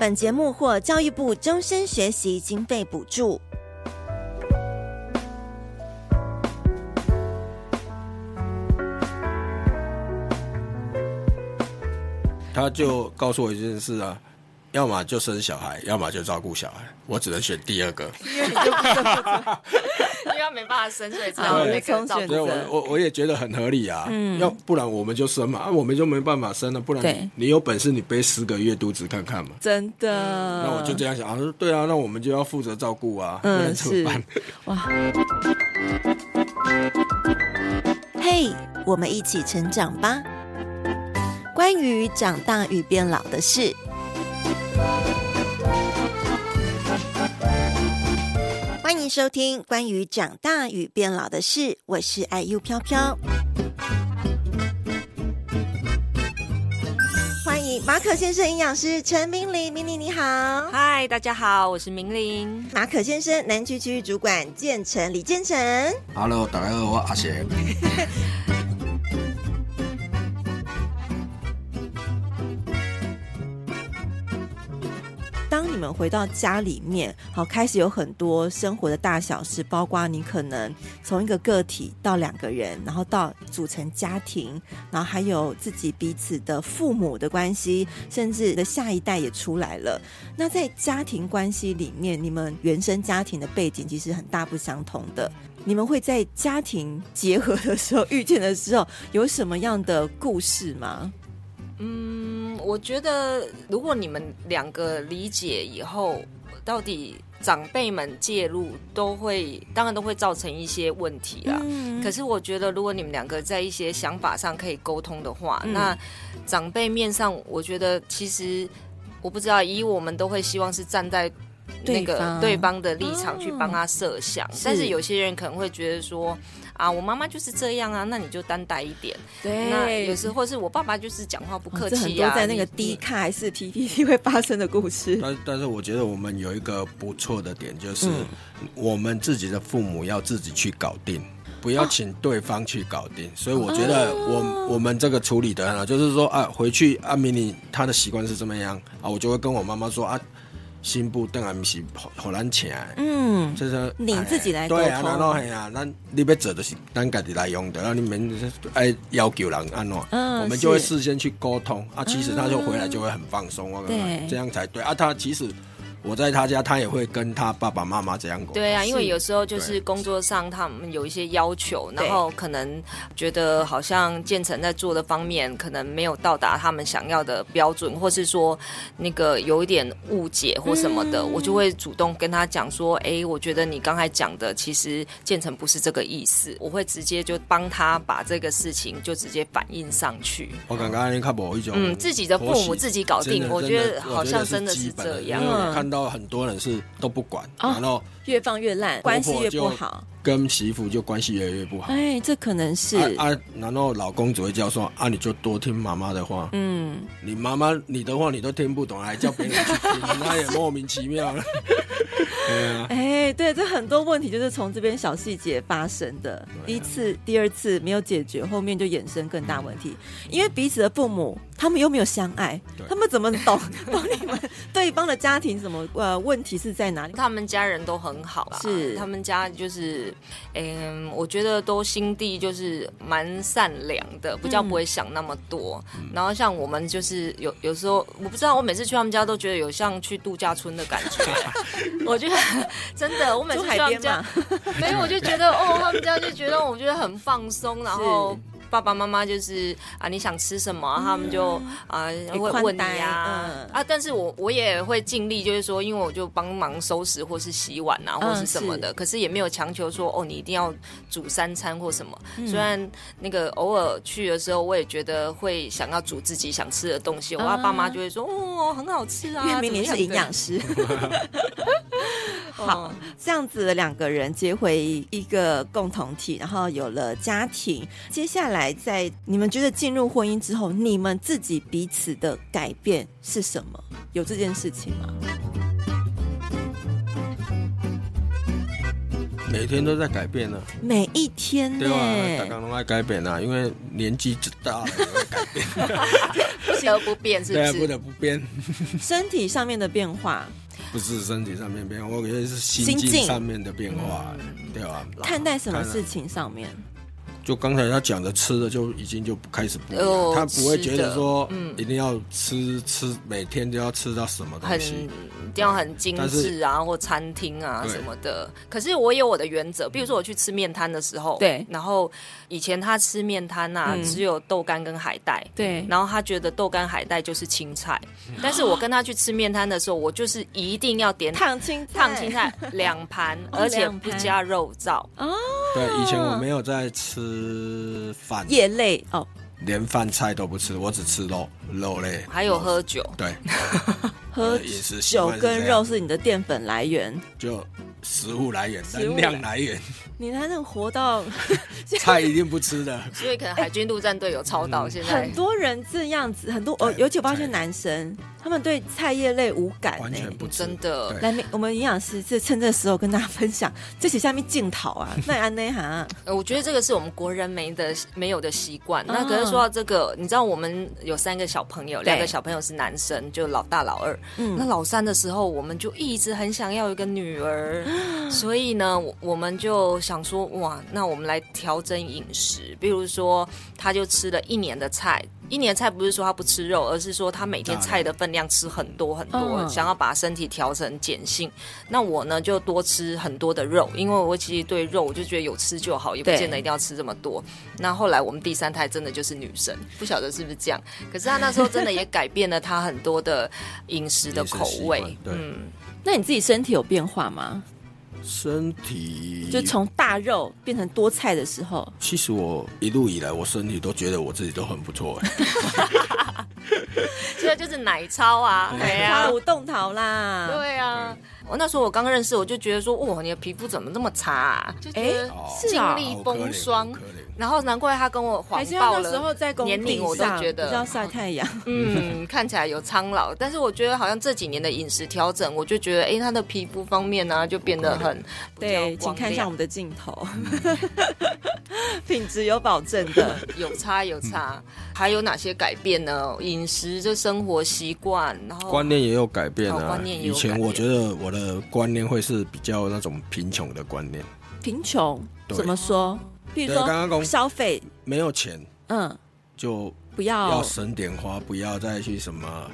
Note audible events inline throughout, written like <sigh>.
本節目獲教育部終身學習經費補助。他就告訴我一件事啊。要麼就生小孩，要麼就照顧小孩，我只能選第二個。因為沒辦法生，所以只能照顧。所以我我我也覺得很合理啊。嗯。要不然我們就生嘛，啊、我們就沒辦法生了、啊。不然你有本事你背十個月肚子看看嘛。真的對。那我就這樣想啊，說對啊，那我們就要負責照顧啊。嗯，哇。嘿，hey, 我們一起成長吧。關於長大與變老的事。歡迎收聽關於長大與變老的事，我是愛又飄飄。歡迎馬可先生營養師陳明苓，明苓你好，嗨，大家好，我是明苓，馬可先生南區區域主管健誠李健誠，Hello，大家好，我阿杰。們回到家裡面，好，開始有很多生活的大小事，包括你可能從一個個體到兩個人，然後到組成家庭，然後還有自己彼此的父母的關係，甚至的下一代也出來了。那在家庭關係裡面，你們原生家庭的背景其實很大不相同的。你們會在家庭結合的時候，遇見的時候，有什麼樣的故事嗎？嗯。我覺得，如果你們兩個理解以後，到底長輩們介入都會，當然都會造成一些問題啦。嗯、可是，我覺得如果你們兩個在一些想法上可以溝通的話，嗯、那長輩面上，我覺得其實我不知道，以我們都會希望是站在那個對方的立場去幫他設想，嗯、但是有些人可能會覺得說。啊，我媽媽就是這樣啊，那你就擔待一點。對，那有時候是我爸爸就是講話不客氣，啊，很多在那個 Dcard 還是 PTT 會發生的故事。嗯、但但是我覺得我們有一個不錯的點，就是我們自己的父母要自己去搞定，不要請對方去搞定。嗯、所以我覺得我們，啊、我們這個處理得很好，就是說啊，回去阿明尼他的習慣是怎麼樣啊，我就會跟我媽媽說啊。心不定，然不是好難請。嗯，就是說你自己來、哎、對啊，然後哎啊，咱你要做的是咱家己來用的，然後你免愛要，要求人安怎。嗯，我們就會事先去溝通是啊。其實他就回來就會很放鬆啊，嗯、剛剛對，這樣才對啊。他其實。我在他家，他也會跟他爸爸媽媽這樣溝通。對啊，因為有時候就是工作上他們有一些要求，然後可能覺得好像建成在做的方面可能沒有到達他們想要的標準，或是說那個有一點誤解或什麼的，嗯、我就會主動跟他講說：“哎，我覺得你剛才講的其實建成不是這個意思。”我會直接就幫他把這個事情就直接反映上去。我感覺看我一種，嗯，嗯，自己的父母自己搞定，我覺得好像真的是，真的是這樣。到很多人是都不管，哦、然後越放越爛，關係越不好。跟媳婦就關係越來越不好。哎、欸，這可能是啊，啊。然後老公只會叫說：“啊，你就多聽媽媽的話。”嗯，你媽媽你的話你都聽不懂，還叫別人去聽，他 <laughs> 也莫名其妙哎、 <laughs> 啊欸，對，這很多問題就是從這邊小細節發生的。第、啊、一次、第二次沒有解決，後面就衍生更大問題。嗯、因為彼此的父母，他們又沒有相愛，對他們怎麼懂懂 <laughs> 到你們對方的家庭？什麼呃，問題是在哪裡？他們家人都很好，是他們家就是。嗯，um, 我覺得都心地就是蠻善良的，嗯、比較不會想那麼多。嗯、然後像我們就是有有時候，我不知道，我每次去他們家都覺得有像去度假村的感覺。 <laughs> 我覺得真的，我每次這樣，海邊嗎？ <laughs> 沒有我就覺得哦，他們家就覺得我覺得很放鬆，然後。爸爸媽媽就是啊，你想吃什麼，啊，他們就，啊會問你呀啊，啊。但是我我也會盡力，就是說，因為我就幫忙收拾或是洗碗啊，或是什麼的。可是也沒有強求說哦，你一定要煮三餐或什麼。雖然那個偶爾去的時候，我也覺得會想要煮自己想吃的東西。我爸爸媽就會說哦，很好吃啊。因為明明你是營養師， <laughs> 好，這樣子的兩個人結回一個共同體，然後有了家庭，接下來。還在你們覺得進入婚姻之後，你們自己彼此的改變是什麼？有這件事情嗎？每一天都在改變呢、啊，每一天、欸、對吧、啊？剛剛都在改變啊，因為年紀大了，不得不變是？不不得不變。身體上面的變化不是身體上面的變化，我覺得是心境，心境上面的變化、欸，對吧、啊？看待什麼事情上面？就剛才他講的吃的就已經就開始不一樣，他不會覺得說一定要吃吃每天都要吃到什麼東西，一定要很精緻啊或餐廳啊什麼的。可是我有我的原則，比如說我去吃麵攤的時候，對，然後以前他吃麵攤吶，只有豆干跟海帶，對，然後他覺得豆干海帶就是青菜。但是我跟他去吃麵攤的時候，我就是一定要點燙青燙青菜兩盤，而且不加肉燥。哦，對，以前我沒有在吃。吃飯，葉飯類哦，連飯菜都不吃，我只吃肉，肉類，還有喝酒，對， <laughs> 喝酒跟肉是你的澱粉來源，就食物來源，能量來源，你還能活到？ <laughs> 菜一定不吃的，所以可能海軍陸戰隊有操到。現在很多人這樣子，欸、很多哦，尤其包括男生。他們對菜葉類無感呢、欸，完全不真的。來，對我們營養師是趁這個時候跟大家分享，這幾下面禁討啊，那安內哈，啊。我覺得這個是我們國人沒的、沒有的習慣。啊、那可是說到這個，你知道我們有三個小朋友，兩對個小朋友是男生，就老大、老二。嗯。那老三的時候，我們就一直很想要一個女兒，嗯、所以呢我，我們就想說，哇，那我們來調整飲食，比如說，他就吃了一年的菜。一年菜不是說他不吃肉，而是說他每天菜的分量吃很多很多，oh、想要把身體調成鹼性。Oh. 那我呢就多吃很多的肉，因為我其實對肉我就覺得有吃就好，也不見得一定要吃這麼多。對那後來我們第三胎真的就是女生，不曉得是不是這樣。 <laughs> 可是他那時候真的也改變了他很多的飲食的口味。對，嗯，那你自己身體有變化嗎？身體就從大肉變成多菜的時候，其實我一路以來，我身體都覺得我自己都很不錯。現在 <laughs> <laughs> 就是奶超啊，哎呀五動桃啦，對啊。我那時候我剛認識，我就覺得說，哇，你的皮膚怎麼那麼差啊？哎，經歷風霜。然後難怪他跟我黃暴了，年齡我都覺得要曬太陽，嗯，看起來有蒼老。但是我覺得好像這幾年的飲食調整，我就覺得，哎，他的皮膚方面呢、啊、就變得很。對，請看一下我們的鏡頭，嗯、 <laughs> 品質有保證的，有差有差。嗯、還有哪些改變呢？飲食的生活習慣，然後觀念,、啊、觀念也有改變。觀以前我覺得我的觀念會是比較那種貧窮的觀念，貧窮對怎麼說？比如說對，剛剛說消費沒有錢，嗯，就不要要省點花，不要再去什麼。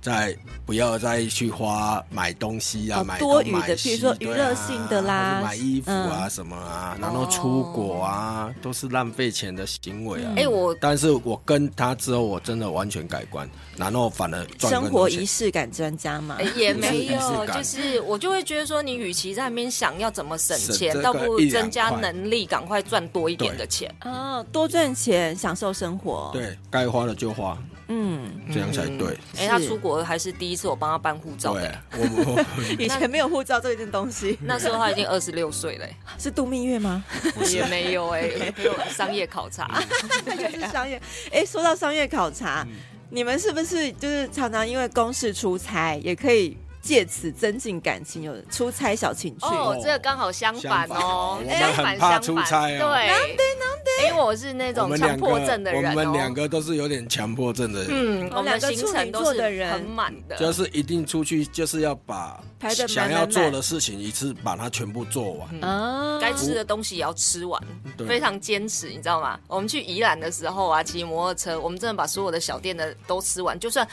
再不要再去花買東西啊，買多餘的，比如說娛樂性的啦，買衣服啊什麼啊，然後出國啊，都是浪費錢的行為啊。哎，我，但是我跟他之後，我真的完全改觀，然後反而生活儀式感增加嘛哎，也沒有，就是我就會覺得說，你與其在那邊想要怎麼省錢，倒不如增加能力，趕快賺多一點的錢啊，多賺錢，享受生活。對，該花了就花。嗯，嗯這樣才對。哎是、欸，他出國還是第一次，我我幫他辦護照。對，我，我 <laughs> 以前沒有護照這一件東西那。那時候他已經二十六歲了， <laughs> 是度蜜月嗎？ <laughs> 也沒有哎， <laughs> 沒有商業考察， <laughs> <laughs> 就是商業。哎、 <laughs> 欸，說到商業考察，嗯、你們是不是就是常常因為公事出差也可以？借此增進感情，有出差小情趣哦。這個剛好相反哦，相反相反，對，因為我是那種強迫症的人。我們兩個都是有點強迫症的人。嗯，我們兩個行程都是很滿的，就是一定出去就是要把想要做的事情一次把它全部做完。嗯，該吃的東西也要吃完，非常堅持，你知道嗎？我們去宜蘭的時候啊，騎摩托車，我們真的把所有的小店的都吃完，就算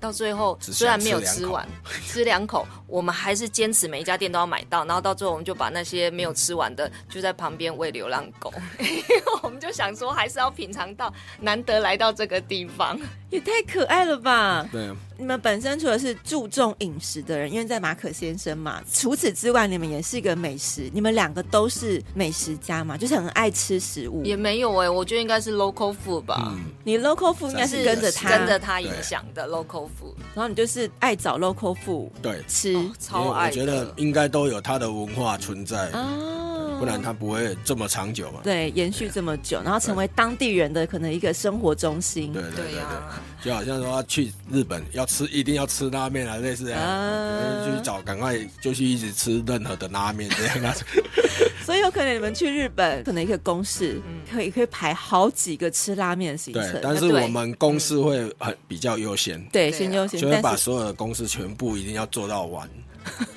到最後雖然沒有吃完，吃兩。兩口，我們還是堅持每一家店都要買到，然後到最後我們就把那些沒有吃完的就在旁邊餵流浪狗， <laughs> 我們就想說還是要品嚐到，難得來到這個地方。也太可愛了吧！對，你們本身除了是注重飲食的人，因為在馬可先生嘛，除此之外，你們也是一個美食，你們兩個都是美食家嘛，就是很愛吃食物。也沒有哎、欸，我覺得應該是 local food 吧。嗯、你 local food 應該是跟着他是跟着他影響的 local food，對然後你就是愛找 local food，對，吃、哦、超愛。我覺得應該都有他的文化存在、嗯、啊。不然它不會這麼長久，對，延續這麼久，對然後成為當地人的可能一個生活中心。對，對對對，對啊，就好像說去日本要吃，一定要吃拉麵啊，類似這樣，uh、去找趕快就去一直吃任何的拉麵這樣。 <laughs> <laughs> 所以有可能你們去日本，可能一個公司，嗯，可以可以排好幾個吃拉麵的行程。對，但是我們公司會很比較優先，對，先優先，就會把所有的公司全部一定要做到完。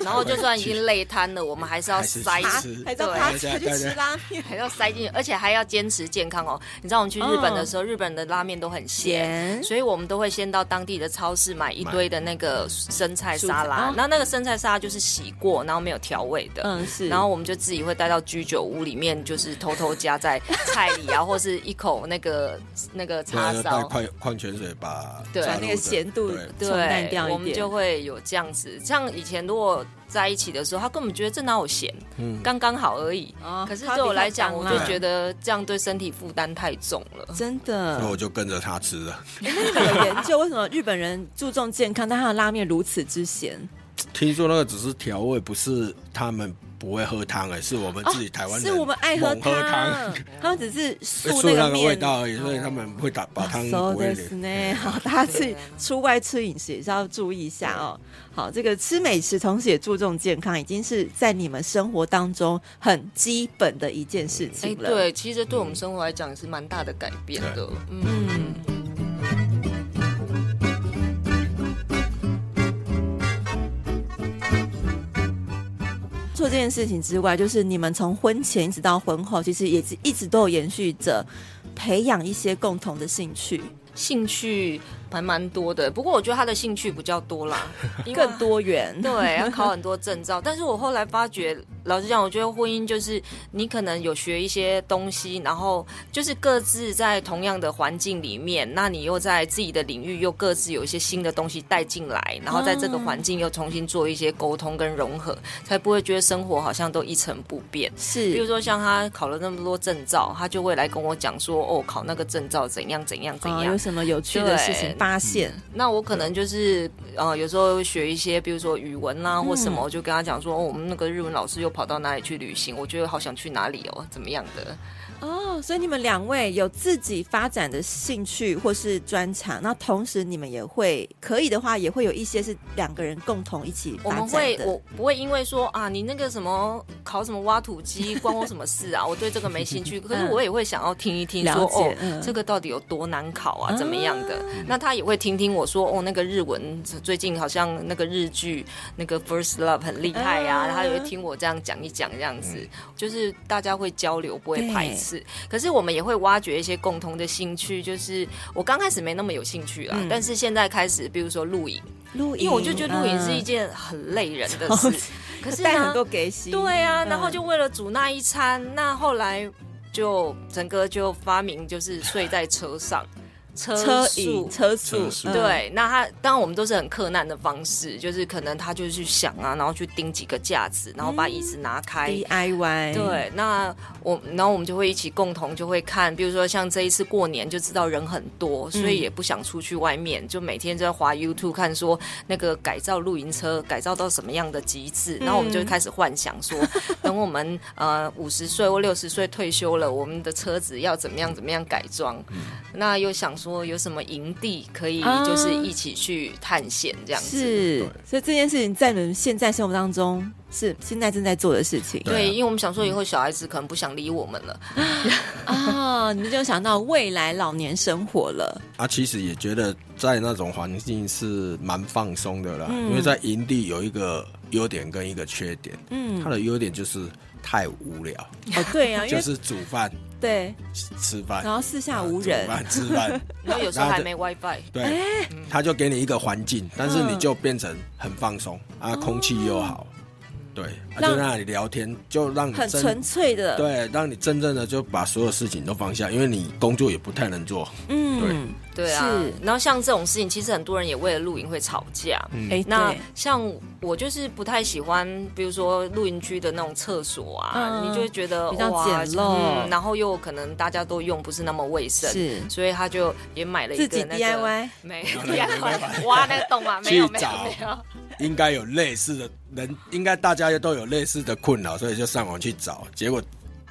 然後就算已經累癱了，我們還是要塞吃，還要爬去吃拉麵，還要塞進去，而且還要堅持健康哦。你知道我們去日本的時候，日本的拉面都很鹹，所以我們都會先到當地的超市買一堆的那個生菜沙拉。那那個生菜沙拉就是洗過，然後沒有調味的。嗯，是。然後我們就自己會帶到居酒屋裡面，就是偷偷加在菜裡啊，或是一口那個那個叉燒，帶礦礦泉水把對那個鹹度對淡掉一點，我們就會有這樣子。像以前都。我在一起的時候，他根本覺得這哪有鹹，嗯、剛剛好而已。哦、可是對我來講，啊、我就覺得這樣對身體負擔太重了，真的。所以我就跟着他吃了。你們、欸那個、研究為什麼日本人注重健康，但他的拉麵如此之鹹？聽說那個只是調味，不是他們不會喝湯而、欸、是我們自己、哦、台灣人，是我們愛喝湯，喝湯他們只是素那，那個味道而已，所以他們會打把湯。所以呢，好，大家自己對出外吃飲食也是要注意一下哦、喔。對好，這個吃美食同時也注重健康，已經是在你們生活當中很基本的一件事情了。欸、對，其實對我們生活來講是蠻大的改變的，嗯。對嗯嗯這件事情之外，就是你們從婚前一直到婚後，其實也是一直都有延續着培養一些共同的興趣，興趣。還蠻多的，不過我覺得他的興趣比較多啦，因為更多元。對，要考很多證照。 <laughs> 但是我後來發覺，老實講，我覺得婚姻就是你可能有學一些東西，然後就是各自在同樣的環境裡面，那你又在自己的領域又各自有一些新的東西帶進來，然後在這個環境又重新做一些溝通跟融合，才不會覺得生活好像都一成不變。是，比如說像他考了那麼多證照，他就會來跟我講說：“哦，考那個證照怎樣怎樣怎樣，哦、有什麼有趣的事情。對”發現、嗯，那我可能就是，呃，有時候學一些，比如說語文啦或什麼，我就跟他講說，哦，我們那個日文老師又跑到哪裡去旅行，我覺得好想去哪裡哦，怎麼樣的。哦，oh, 所以你們兩位有自己發展的興趣或是專長，那同時你們也會可以的話，也會有一些是兩個人共同一起發展的。我們會我不會因為說啊，你那個什麼考什麼挖土機關我什麼事啊？我對這個沒興趣， <laughs> 嗯、可是我也會想要聽一聽說，了解、嗯嗯、哦，這個到底有多難考啊？怎麼樣的？嗯、那他也會聽聽我說哦，那個日文最近好像那個日劇那個 First Love 很厲害啊，嗯嗯、然後他也會聽我這樣講一講這樣子，嗯、就是大家會交流，不會排斥。是，可是我們也會挖掘一些共同的興趣。就是我剛開始沒那麼有興趣了，嗯、但是現在開始，比如說露營，露營，因為我就覺得露營是一件很累人的事，嗯、可是大家都給洗。對啊，然後就為了煮那一餐，嗯、那後來就整個就發明就是睡在車上。車椅、車座，對，那他當然我們都是很克難的方式，就是可能他就去想啊，然後去釘幾個架子，然後把椅子拿開。DIY，對，那我然後我們就會一起共同就會看，比如說像這一次過年就知道人很多，所以也不想出去外面，就每天在滑 YouTube 看說那個改造露營車改造到什麼樣的極致，然後我們就開始幻想說，等我們呃五十歲或六十歲退休了，我們的車子要怎麼樣怎麼樣改裝，那又想說。說有什麼營地可以就是一起去探險這樣子。啊，是，所以這件事情在你們現在生活當中是現在正在做的事情？對，啊、對，因為我們想說以後小孩子可能不想理我們了啊、嗯 <laughs> 哦，你們就想到未來老年生活了。啊，其實也覺得在那種環境是蠻放鬆的啦，嗯、因為在營地有一個優點跟一個缺點。嗯，它的優點就是太無聊哦。對啊，就是煮飯。對，吃飯，然後四下無人，啊、吃飯，吃飯 <laughs> 然後有時候還沒 WiFi，對，他、嗯、就給你一個環境，但是你就變成很放鬆、嗯、啊，空氣又好，對，啊、讓就在那裡聊天，就讓你很純粹的，對，讓你真正的就把所有事情都放下，因為你工作也不太能做，嗯，對。對啊，然後像這種事情，其實很多人也為了露營會吵架。嗯，那像我就是不太喜歡，比如說露營區的那種廁所啊，你就會覺得比較簡陋，然後又可能大家都用不是那麼衛生，是，所以他就也買了一個那個 DIY，沒有 DIY 挖那個洞嘛？沒有沒有沒有，應該有類似的，人，應該大家都有類似的困擾，所以就上網去找，結果。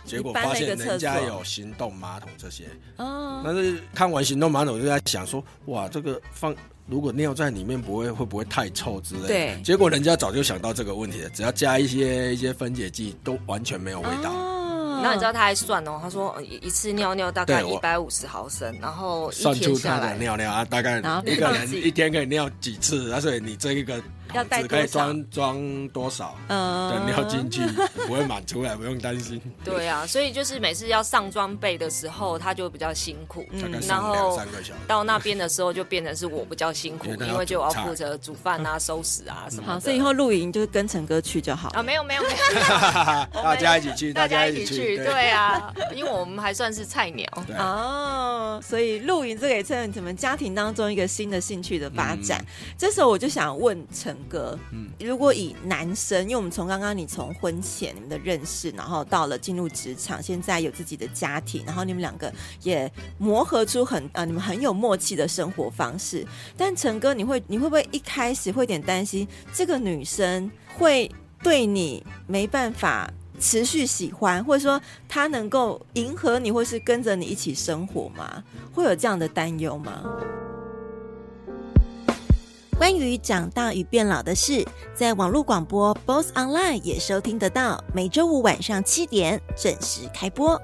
結果發現人家有行動馬桶這些，但是看完行動馬桶就在想說，哇，這個放如果尿在裡面不會會不會太臭之類？對，結果人家早就想到這個問題了，只要加一些一些分解劑，都完全沒有味道。哦，那你知道他還算哦？他說一次尿尿大概一百五十毫升，然後算出他的尿尿啊，大概一個人，一天可以尿幾次？他說你這一個。要帶多少？裝裝多少？嗯，你要進去不會滿出來，不用擔心。對啊，所以就是每次要上裝備的時候，他就比較辛苦。嗯，然後到那邊的時候就變成是我比較辛苦，因為就我要負責煮飯啊、收拾啊什麼。好，所以以後露營就是跟陳哥去就好啊。沒有沒有沒有，大家一起去，大家一起去，對啊，因為我們還算是菜鳥啊，所以露營這個也成為你們家庭當中一個新的興趣的發展。這時候我就想問陳哥，嗯，如果以男生，因為我們從剛剛你從婚前你們的認識，然後到了進入職場，現在有自己的家庭，然後你們兩個也磨合出很啊、呃，你們很有默契的生活方式。但誠哥，你會你會不會一開始會有點擔心，這個女生會對你沒辦法持續喜歡，或者說她能夠迎合你，或是跟着你一起生活嗎？會有這樣的擔憂嗎？關於長大與變老的事，在網絡廣播 BOSS Online 也收聽得到，每週五晚上七點準時開播。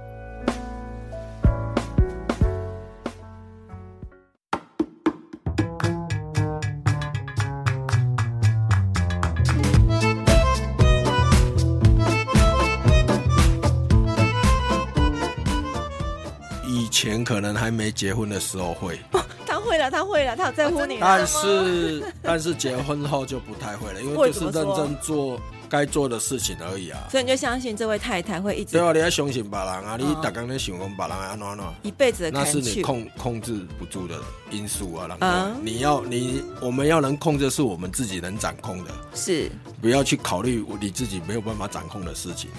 可能還沒結婚的時候會，他會了，他會了，他有在乎你。但是但是結婚後就不太會了，因為就是認真做該做的事情而已啊。所以你就相信這位太太會一直。對啊，你要相信別人啊，你打剛剛的形容別人啊暖暖。一輩子那是你控控制不住的因素啊，你要你我們要能控制是我們自己能掌控的，是不要去考慮你自己沒有辦法掌控的事情，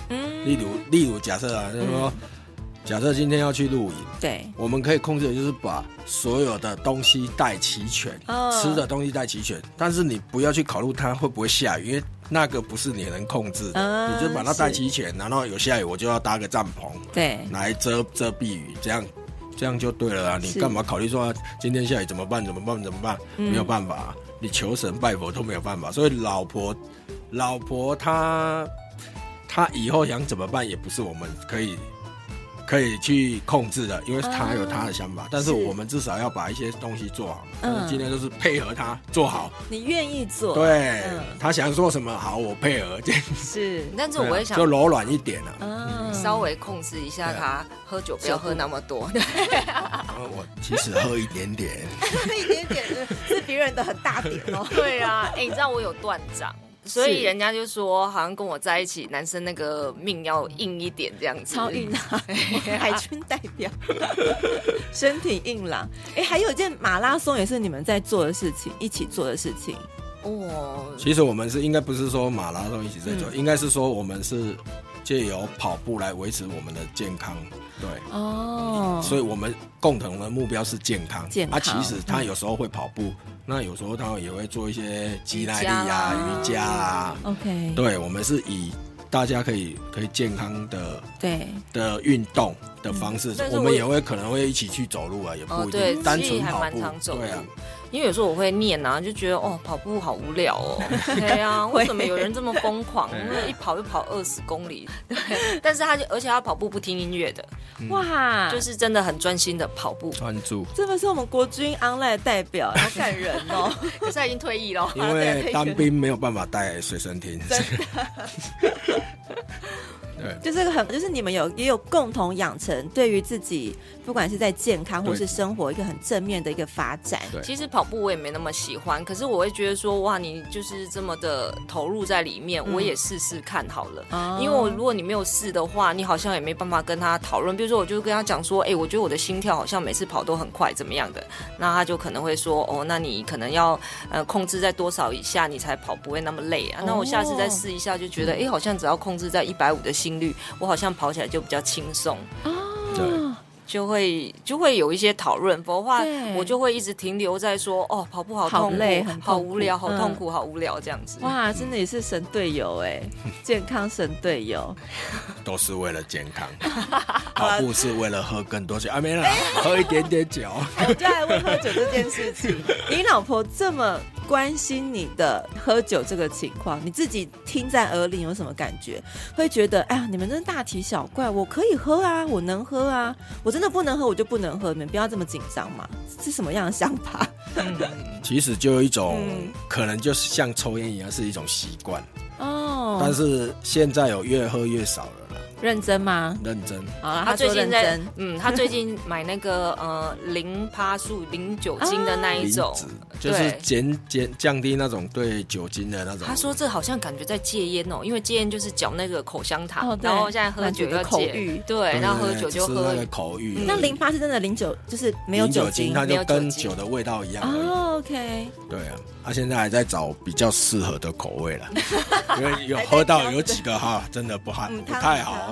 例如例如假設啊，就是說。假設今天要去露營，對，我們可以控制的就是把所有的東西帶齊全，哦、吃的東西帶齊全。但是你不要去考慮它會不會下雨，因為那個不是你能控制的，嗯、你就把它帶齊全。是然後有下雨，我就要搭個帳篷，對，來遮遮避雨，這樣這樣就對了啦啊。你幹嘛考慮說今天下雨怎麼辦？怎麼辦？怎麼辦？嗯、沒有辦法，你求神拜佛都沒有辦法。所以老婆，老婆她她以後想怎麼辦，也不是我們可以。可以去控制的，因為他有他的想法，但是我們至少要把一些東西做好。嗯，今天就是配合他做好。你願意做？對，他想做什麼好，我配合。是，但是我也想就柔軟一點了，嗯，稍微控制一下他喝酒，不要喝那麼多。我其實喝一點點，喝一點點是別人的很大點哦。對啊，哎，你知道我有斷掌。所以人家就說，是好像跟我在一起，男生那個命，要硬一點這樣子。超硬朗嗎， <laughs> 海軍代表， <laughs> 身體硬朗。哎、欸，還有一件馬拉松也是你們在做的事情，一起做的事情。哦。其實我們是應該不是說馬拉松一起在做，嗯、應該是說我們是借由跑步來維持我們的健康。對哦，oh。所以我們共同的目標是健康。健康啊，其實他有時候會跑步，嗯、那有時候他也會做一些肌耐力啊、瑜伽啊。瑜伽啊 OK，對，我們是以大家可以可以健康的對的運動的方式，我們也會可能會一起去走路啊，也不一定單純跑常走的。因為有時候我會念啊，就覺得哦，跑步好無聊哦。對啊，為什麼有人這麼瘋狂？因為一跑就跑二十公里。對，但是他而且他跑步不聽音樂的，哇，就是真的很專心的跑步，專注。這本是我們國軍安 n 的代表，他看人哦。現在已經退役了，因為當兵沒有辦法帶隨身聽。對，就這個很，就是你們有也有共同養成對於自己，不管是在健康或是生活一個很正面的一個發展。對，其實跑步我也沒那麼喜歡，可是我會覺得說，哇，你就是這麼的投入在裡面，我也試試看好了。嗯，因為，我如果你沒有試的話，你好像也沒辦法跟他討論。比如說，我就跟他講說，哎，我覺得我的心跳好像每次跑都很快，怎麼樣的？那他就可能會說，哦，那你可能要呃控制在多少以下，你才跑不會那麼累啊？那我下次再試一下，就覺得，哦，哎，好像只要控制在一百五的心跳。我好像跑起來就比較輕鬆。對，就會就會有一些討論，否則話我就會一直停留在說，哦，跑步好痛累，好無聊，好痛苦，好無聊這樣子。哇，真的也是神隊友哎，健康神隊友，都是為了健康，跑步是為了喝更多酒啊，沒啦，喝一點點酒，我就來問喝酒這件事情，你老婆這麼。關心你的喝酒這個情況，你自己聽在耳裡有什麼感覺？會覺得哎呀，你們真大驚小怪，我可以喝啊，我能喝啊，我真的不能喝我就不能喝，你們不要這麼緊張嘛，是什麼樣的想法？嗯、 <laughs> 其實就有一種、嗯、可能就是像抽菸一樣是一種習慣哦，但是現在有越喝越少了。認真嗎？認真。好了，他最近在嗯，他最近買那個呃零趴素零酒精的那一種，就是減減降低那種對酒精的那種。他說這好像感覺在戒菸哦，因為戒菸就是嚼那個口香糖，然後現在喝酒要戒，口欲。對，然後喝酒就喝那個口欲。那零趴是真的零酒，就是沒有酒精，它就跟酒的味道一樣。哦 OK，對啊，他現在還在找比較適合的口味了，因為有喝到有幾個哈，真的不哈不太好。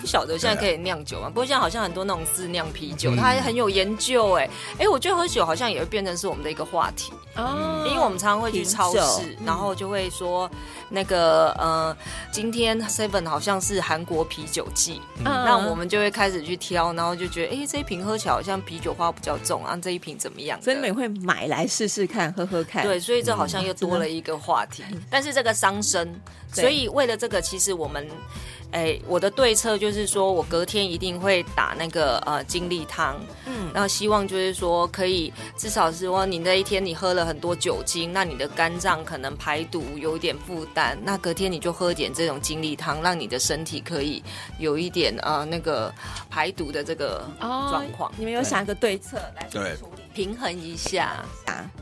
不曉得現在可以釀酒嗎？了不過現在好像很多那種自釀啤酒，嗯、它很有研究哎哎，我覺得喝酒好像也會變成是我們的一個話題哦、嗯、因為我們常常會去超市，酒然後就會說那個呃，今天 seven 好像是韓國啤酒季，嗯，那我們就會開始去挑，然後就覺得哎這一瓶喝起來好像啤酒花比較重啊，這一瓶怎麼樣？所以你會買來試試看，喝喝看。對，所以這好像又多了一個話題，嗯、但是這個傷身，對所以為了這個，其實我們。哎，我的對策就是說我隔天一定會打那個呃精力湯，嗯，然後希望就是說可以至少是說，你那一天你喝了很多酒精，那你的肝臟可能排毒有一點負擔，那隔天你就喝點這種精力湯，讓你的身體可以有一點呃那個排毒的這個狀況、哦。你們有想一個對策對來處理對平衡一下？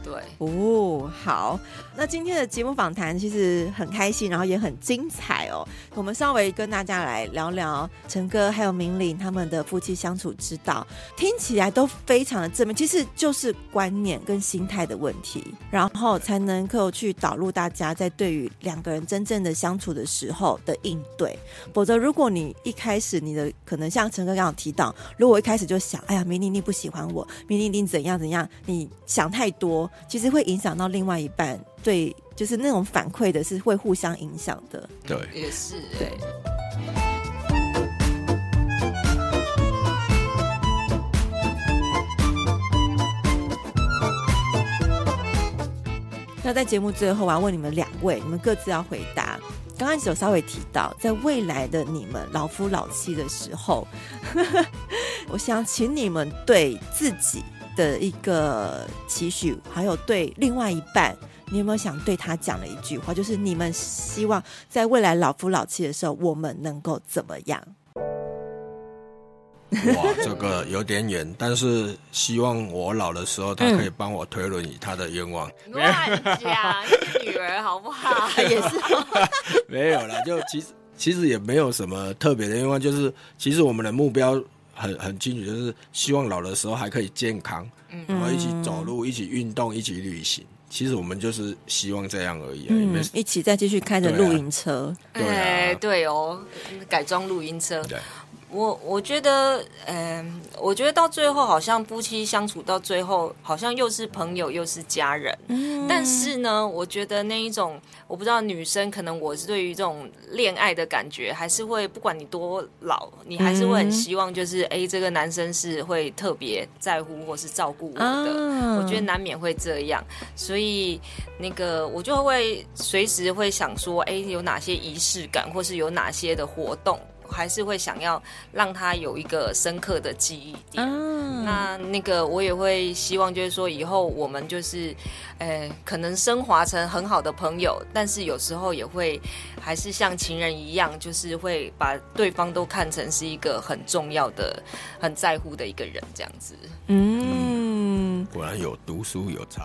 對哦，好，那今天的節目訪談其實很開心，然後也很精彩哦。我們稍微跟大家來聊聊誠哥還有明苓他們的夫妻相處之道，聽起來都非常的正面，其實就是觀念跟心態的問題，然後才能夠去導入大家在對於兩個人真正的相處的時候的應對。否則，如果你一開始你的可能像誠哥剛剛提到，如果一開始就想哎呀，明苓你不喜歡我，明苓你怎樣怎樣，你想太多。其實會影響到另外一半，對，就是那種反饋的是會互相影響的。對，也是對。那在節目最後，我要問你們兩位，你們各自要回答。剛開始有稍微提到，在未來的你們老夫老妻的時候，呵呵，我想請你們對自己的一個期許，還有對另外一半，你有沒有想對他講的一句話？就是你們希望在未來老夫老妻的時候，我們能夠怎麼樣？哇，這個有點遠，但是希望我老的時候，他可以幫我推輪椅。他的願望，亂講，嗯， <laughs> 女兒好不好？ <laughs> 也是 <laughs> <laughs> 沒有了。就其實，其實也沒有什麼特別的願望，就是其實我們的目標。很很清楚，就是希望老的時候還可以健康，嗯，然後一起走路，嗯，一起運動，一起旅行。其實我們就是希望這樣而已啊。嗯，因為一起再繼續開着露營車，對啊，對啊。對，對哦，改裝露營車。對。我我覺得，嗯，我覺得到最後好像夫妻相處到最後，好像又是朋友又是家人。嗯，但是呢，我覺得那一種，我不知道女生可能，我是對於這種戀愛的感覺，還是會不管你多老，你還是會很希望，就是哎、嗯，這個男生是會特別在乎或是照顧我的。哦、我覺得難免會這樣，所以那個我就會隨時會想說，哎，有哪些儀式感，或是有哪些的活動。還是會想要讓他有一個深刻的記憶點。那那個我也會希望，就是說以後我們就是，呃，可能昇華成很好的朋友，但是有時候也會還是像情人一樣，就是會把對方都看成是一個很重要的、很在乎的一個人這樣子。嗯。果然有讀書有才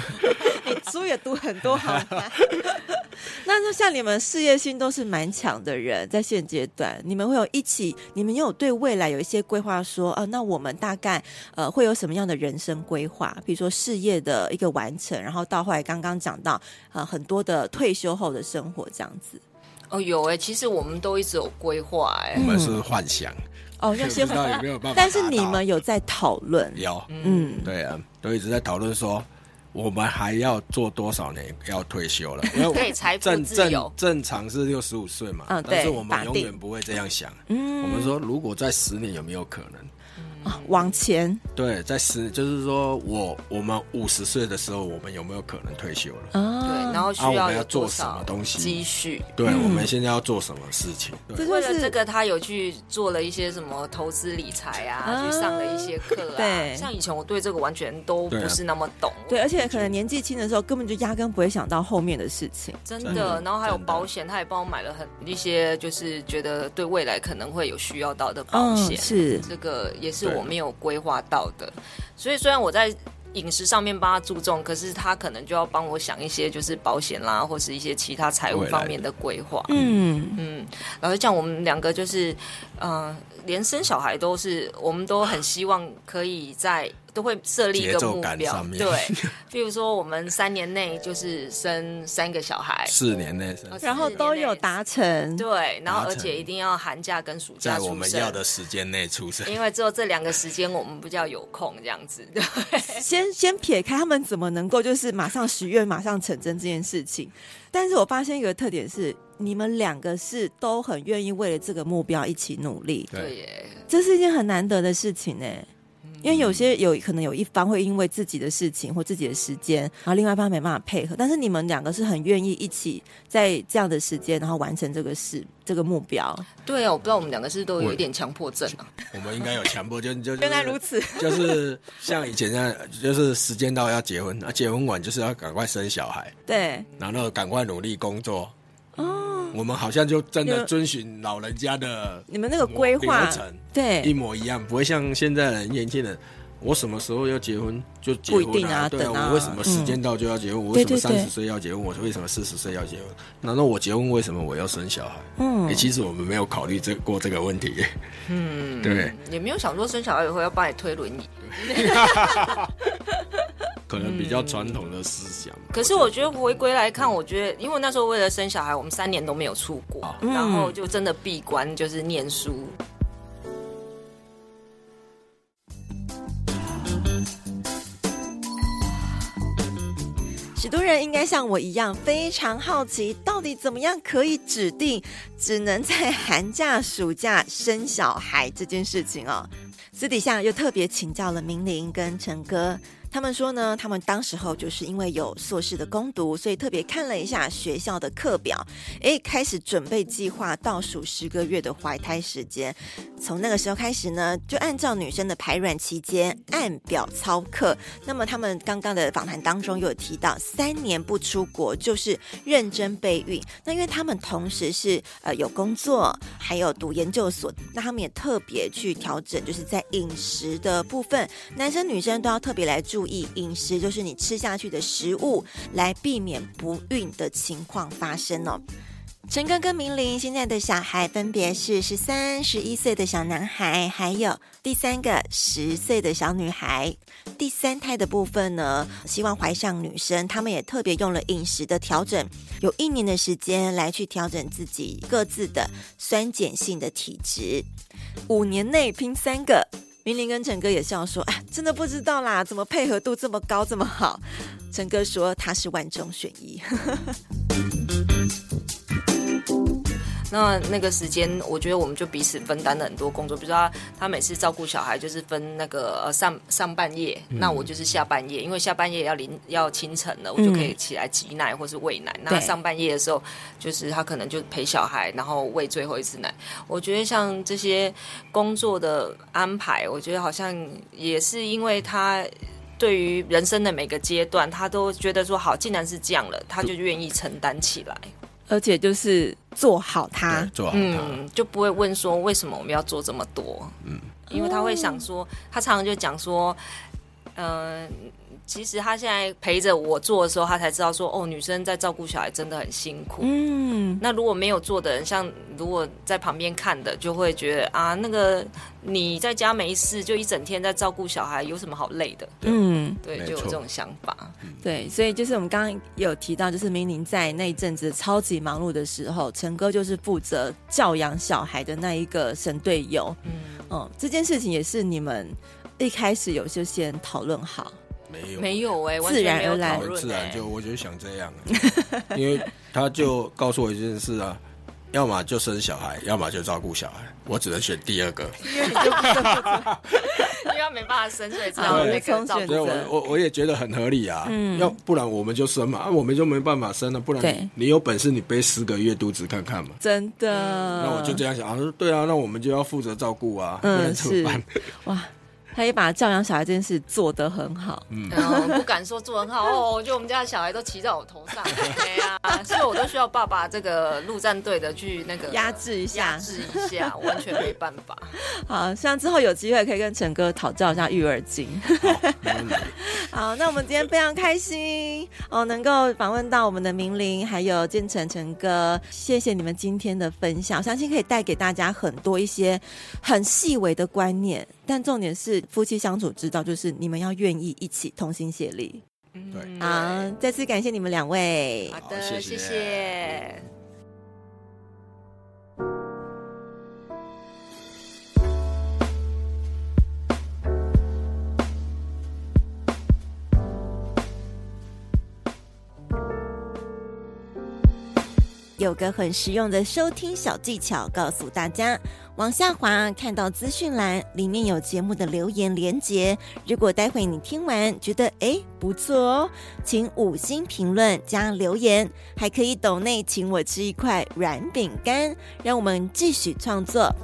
<laughs> 書也讀很多，好。 <laughs> <laughs> 那就像你們事業心都是蠻強的人，在現階段，你們會有一起，你們有對未來有一些規劃說，說啊，那我們大概呃會有什麼樣的人生規劃？比如說事業的一個完成，然後到後來剛剛講到呃很多的退休後的生活這樣子。哦，oh, 有哎，欸，其實我們都一直有規劃哎，我們是幻想哦，嗯，不知道有沒有辦法，但是你們有在討論？有，嗯，對啊，都一直在討論說，我們還要做多少年要退休了？嗯，因為我可以財富自由正正，正常是六十五歲嘛，嗯，但是我們永遠不會這樣想，嗯定，我們說如果在十年有沒有可能？啊，往前對，在十就是說，我我們五十歲的時候，我們有沒有可能退休了？啊，對，然後需我們要做什麼東西？積蓄。對，我們現在要做什麼事情？為了這個，他有去做了一些什麼投資理財啊，去上了一些課啊。對，像以前我對這個完全都不是那麼懂。對，而且可能年紀輕的時候，根本就壓根不會想到後面的事情。真的，然後還有保險，他也幫我買了很一些，就是覺得對未來可能會有需要到的保險。是，這個也是。我沒有規劃到的，所以雖然我在飲食上面幫他注重，可是他可能就要幫我想一些，就是保險啦，或是一些其他財務方面的規劃。嗯嗯，然後像我們兩個就是，呃，連生小孩都是，我們都很希望可以在。都會設立一個目標，上面對，譬如說我們三年內就是生三個小孩，四年內生，然後都有達成，對，達成對，然後而且一定要寒假跟暑假在我們要的時間內出生，因為只有這兩個時間我們比較有空這樣子。對，先先撇開他們怎麼能夠就是馬上許願馬上成真這件事情，但是我發現一個特點是，你們兩個是都很願意為了這個目標一起努力，對，這是一件很難得的事情呢。因為有些有可能有一方會因為自己的事情或自己的時間，然後另外一方沒辦法配合。但是你們兩個是很願意一起在這樣的時間，然後完成這個事，這個目標。對啊，我不知道我們兩個是不是都有一點強迫症啊？我們應該有強迫症， <laughs> 就原來如此，就是像以前這樣，就是時間到要結婚，啊，結婚完就是要趕快生小孩，對，然後趕快努力工作，哦。我們好像就真的遵循老人家的你們那個規劃流程，對，一模一樣，不會像現在人年輕人，我什麼時候要結婚就不一定啊？對啊，我為什麼時間到就要結婚？我為什麼三十歲要結婚？我為什麼四十歲要結婚？難道我結婚為什麼我要生小孩？嗯，其實我們沒有考慮這過這個問題。嗯，對，也沒有想說生小孩以後要幫你推輪椅。可能比較傳統的思想、嗯。可是我覺得回歸來看，我覺得因為那時候為了生小孩，我們三年都沒有出國，然後就真的閉關，就是念書。許多人應該像我一樣非常好奇，到底怎麼樣可以指定只能在寒假、暑假生小孩這件事情哦？私底下又特別請教了明苓跟誠哥。他們說呢，他們當時候就是因為有碩士的攻讀，所以特別看了一下學校的課表，誒，開始準備計劃倒數十個月的懷胎時間。從那個時候開始呢，就按照女生的排卵期間按表操課。那麼他們剛剛的訪談當中有提到，三年不出國就是認真備孕。那因為他們同時是呃有工作還有讀研究所，那他們也特別去調整，就是在飲食的部分，男生女生都要特別來注意。注意飲食，就是你吃下去的食物，來避免不孕的情況發生哦。誠哥跟明苓現在的小孩分別是十三、十一歲的小男孩，還有第三個十歲的小女孩。第三胎的部分呢，希望懷上女生，他們也特別用了飲食的調整，有一年的時間來去調整自己各自的酸鹼性的體質。五年內拼三個。明苓跟陳哥也笑說：“哎，真的不知道啦，怎麼配合度這麼高，這麼好？”陳哥說：“他是萬中選一。 <laughs> ”那那個時間，我覺得我們就彼此分擔了很多工作。比如說他，他每次照顧小孩就是分那個呃上上半夜，嗯、那我就是下半夜，因為下半夜要臨要清晨了，我就可以起來擠奶或是餵奶。嗯、那上半夜的時候，就是他可能就陪小孩，然後餵最後一次奶。對我覺得像這些工作的安排，我覺得好像也是因為他對於人生的每個階段，他都覺得說好，既然是這樣了，他就願意承擔起來。嗯而且就是做好他嗯就不會問說為什麼我們要做這麼多。嗯，因為他會想說，哦、他常常就講說，嗯、呃。其實他現在陪着我做的時候，他才知道說哦，女生在照顧小孩真的很辛苦。嗯，那如果沒有做的人，像如果在旁邊看的，就會覺得啊，那個你在家沒事，就一整天在照顧小孩，有什麼好累的？對，嗯，對，就有這種想法。對，所以就是我們剛剛也有提到，就是明苓在那一陣子超級忙碌的時候，誠哥就是負責教養小孩的那一個神隊友。嗯，哦、嗯，這件事情也是你們一開始有就先討論好？沒有，沒有哎、欸，沒有，自然而然就我就想這樣了 <laughs> 因為他就告訴我一件事啊，要麼就生小孩，要麼就照顧小孩，我只能選第二個， <laughs> <laughs> 因為你就生，因為沒辦法生，所以只能那個照顧。啊、我我，我也覺得很合理啊，嗯、要不然我們就生嘛，啊，我們就沒辦法生了，啊，不然你有本事你背十個月肚子看看嘛，真的。那，嗯、我就這樣想啊，對啊，那我們就要負責照顧啊。嗯、不然怎麼辦？哇。他也把教養小孩這件事做得很好，然後、嗯 <laughs> 嗯、不敢說做很好哦，就我們家的小孩都騎在我頭上，對呀、啊。所以我都需要爸爸這個陸戰隊的去那個壓制一下，壓制一下， <laughs> 一下完全沒辦法。好像之後有機會可以跟誠哥討教一下育兒經。好， <laughs> 好，那我們今天非常開心 <laughs> 哦，能夠訪問到我們的明苓還有健誠、誠哥，謝謝你們今天的分享，相信可以帶給大家很多一些很細微的觀念，但重點是。夫妻相處之道，就是你們要願意一起同心協力。對、嗯，好，再次感謝你們兩位。好的，謝謝。有個很實用的收聽小技巧，告訴大家。往下滑，看到資訊欄裡面有節目的留言連結。如果待會你聽完覺得誒、欸、不錯哦，請五星評論加留言，還可以抖內請我吃一塊軟餅乾，讓我們繼續創作。